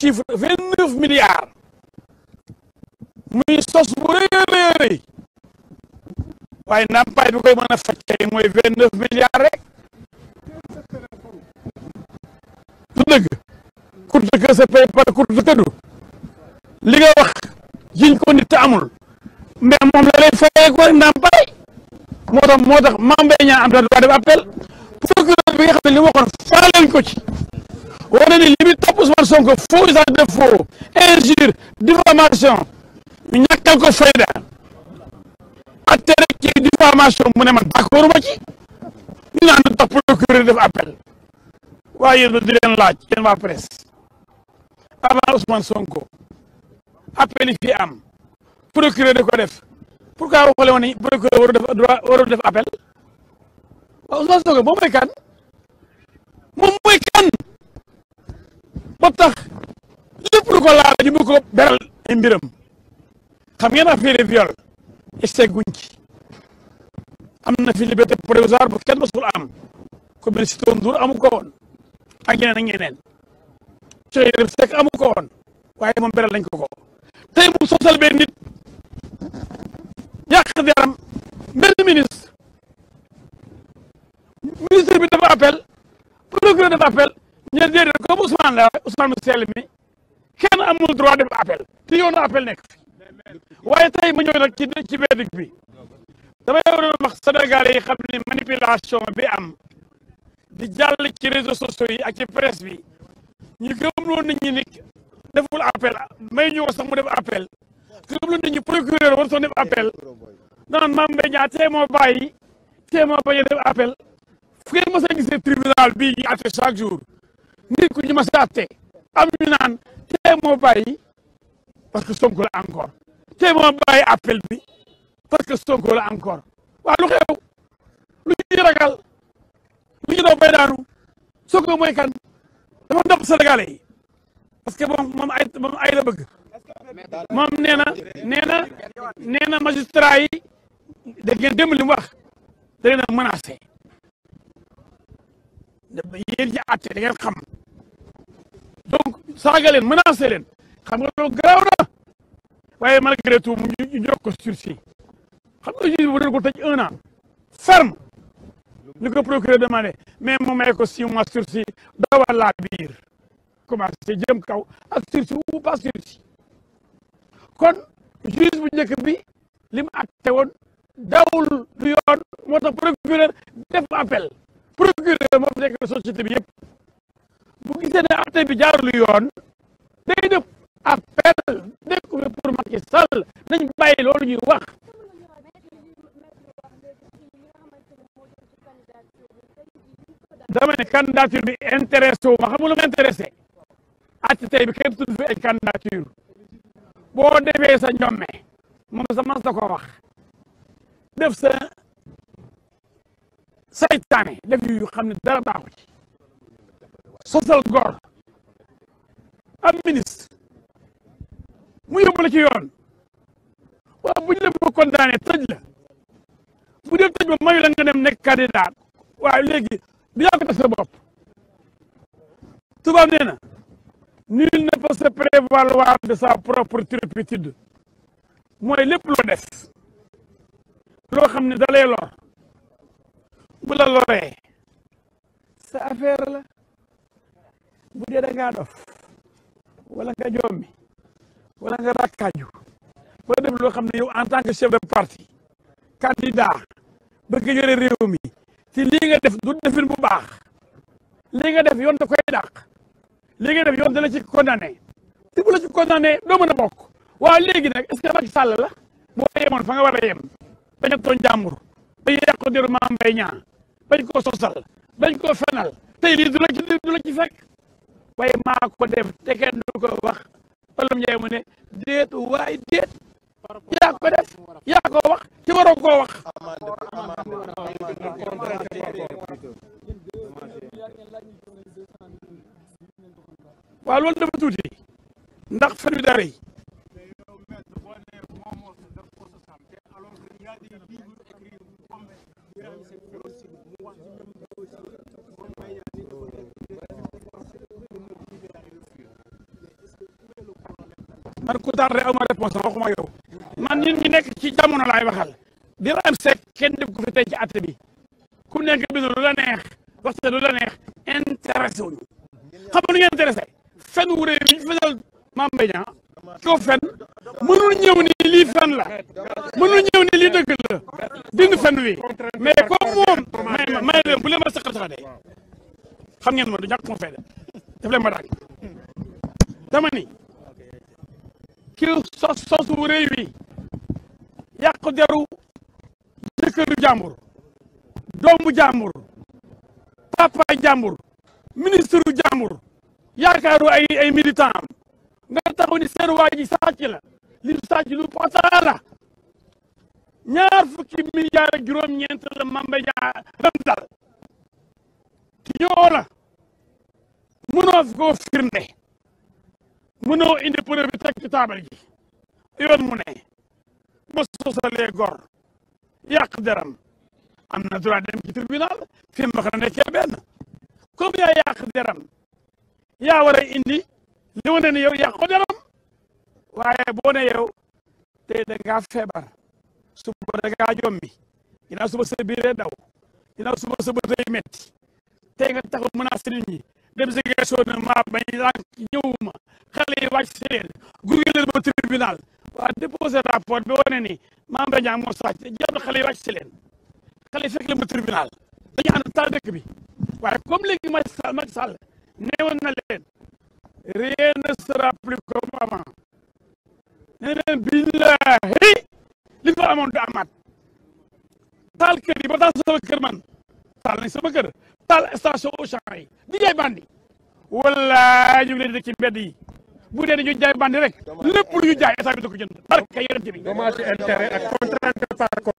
chiffre vingt neuf milliards muy sos bu rëy rëy waaye ndàmpaay bi koy mën a faj kay mooy vingt neuf milliards rek du dëgg courte que se paye par courte que du li nga wax jiñ ko nit te amul mais moom la lay fayee ko ndàmpaay moo tax moo tax membre ñaa am na droit def appel procureur bi nga xam ne li ma waxoon faa leen ko ci wane ni li muy Sonko faux usage de faux injure diffamation ñu ñàkkal ko fayda atte rek ci diffamation mu ne man d'accord ma ci ñu naan du topp procureur def appel waaye yéen di leen laaj yéen waa presse avant Ousmane Sonko appel yi fi am procureur di ko def pourquoi waxale woon ne procureur waru def droit waru def appel waaw Ousmane Sonko moom mooy kan moom mooy kan ba tax lépp ko laal ñu bëgg ko beral ay mbiram xam ngeen affaire viol guñ ci am na fi liberté provisoire bu kenn mosul am ku mel si toon duur amu ko woon ak ñeneen ak ñeneen ci Yérim Seck amu ko waaye moom beral lañ ko ko tey mu sosal benn nit yàq yaram benn ministre ministre bi dafa appel procureur dafa appel ñu ne déedéet comme Ousmane la Ousmane mu sell mi kenn amul droit def appel te yoonu appel nekk waaye tey ma ñëw nag ci ci verdict bi damay waroon wax Sénégalais yi xam ne manipulation bi am di jàll ci réseaux sociaux yi ak ci presse bi ñu gëmloo nit ñi ni deful appel may ñu wax sax mu def appel gëmloo nit ñi procureur war soon def appel naan Mame Mbaye Niang tee moo bàyyi tee moo bañ a def appel fu ngeen mës a gisee tribunal bii ñuy àtte chaque jour nit ku ñu ma saatte am ñu naan tey moo bàyyi parce que Sonko la encore tey moo bàyyi appel bi parce que Sonko la encore waa lu xew lu ñuy ragal lu ñu doo bay daanu Sonko mooy kan dafa ndopp Sénégalais parce que moom ay la bëgg moom nee na nee na nee na magistrat yi da a menacé yéen ñi àtte da ngeen xam donc saaga leen menacé leen xam nga loolu garaaw waaye malgré tout mu ñu jox ko sursis xam nga juge bu doon ko tëj un an ferme procureur demandé mais mu may ko six mois sursis dawal laa biir commencé jëm kaw ak sursis ou pas sursis kon juge bu njëkk bi li mu atte woon dawul du yoon moo tax procureur def appel procureur moom nekk société bi yëpp bu gisee ne atte bi jaarul yoon day def appel nekk pour Macky Sall nañ bàyyi loolu ñuy wax dama ne candidature bi intéressé wu ma xam nga lu ma intéressé atte tey bi kenn tudd fi ay sa ñomme moom sa mas ko wax def sa saytaane def yu xam ne dara baaxu ci sosal góor am ministre mu yóbbu la ci yoon waaw bu ñu la ba condamné tëj la bu dee tëj ba mayu nga dem nekk candidat waaye léegi di yaa ko def bopp tubaab nee na nul ne peut se prévaloir de sa propre turpitude mooy lépp loo def loo xam ne dalay lor bu la loree bu dee da ngaa dof wala nga jommi wala nga rakkaaju wala def loo xam ne yow en tant que chef de parti candidat bëgg yore réew mi ci lii nga def du defin bu baax lii nga def yoon da koy dàq lii nga def yoon da la ci condamné si bu la ci condamné doo mën a bokk waaw léegi nag est-ce que Macky Sall la boo yemoon fa nga war a yem bañ a tooñ jàmbur bañ a yàq deru Mame Mbaye Niang bañ koo sosal bañ koo fenal tey lii du la ci fekk waaye maa ko def te kenn du ko wax Olam Njaay mu ne déet waay déet yaa ko def yaa ko wax te waroo koo wax. waaw loolu dafa tuuti ndax fan wi dara man ku tardé aw ma réponse waxuma yow man ñun ñu nekk ci jamono laay waxal di am seek kenn def ko fi ci atte bi ku nekk bind lu la neex waxte lu la neex intéressé wuñu xam nga lu ñu intéressé fen wu réew mi fesal Mame Mbaye Niang ko fen mënul ñëw ni lii fen la mënul ñëw ni lii dëgg la dind fen wi mais comme moom may ma may leen bu leen ma saxal xam ngeen ma du ñàkk ma fay def leen ma daag dama ki sos sos wu réy wi yàqu deru jëkkëru jàmbur doomu jàmbur papaay jàmbur ministre jàmbur yaakaaru ay ay am nga taxaw ni seen waa ji la li mu sàcc lu pata la ñaar fukki milliards ak juróom-ñeent la mamba ñaa lam dal ti ñoo la mënoo koo firnde mënoo indi preuve bi teg ci taabal gi yoon mu ne ba sosalee gor yàq deram am na droit dem ci tribunal fi mu wax na nekkee benn comme yaa yàq deram yaa war a indi li wane ne yow yàq deram waaye boo ne yow tey da feebar suba da ngaa jommi ginnaaw suba sa biiree daw ginnaaw suba sa bët day métti tey nga taxaw menacé nit ñi dem si question ne maa bañ lànk ñëwuma xale yi wàcc si leen gunge leen ba tribunal waa déposé rapport bi wane ni maa mba ñaa moo sàcc jàpp xale yi wàcc si xale yi fekk leen tribunal dañu ànd taal dëkk bi waaye comme léegi Macky Sall Macky Sall neewoon na leen rien ne plus comme avant nee leen li fa amoon du amaat taal kër yi ba taal sama kër man taal nañ sama taal station Auchan yi di jaay ñu ngi di ci mbedd yi bu dee dañuy jaay bandi rek lépp ñu jaay état bi da ko jënd barke yonent bi. dommage intérêt ak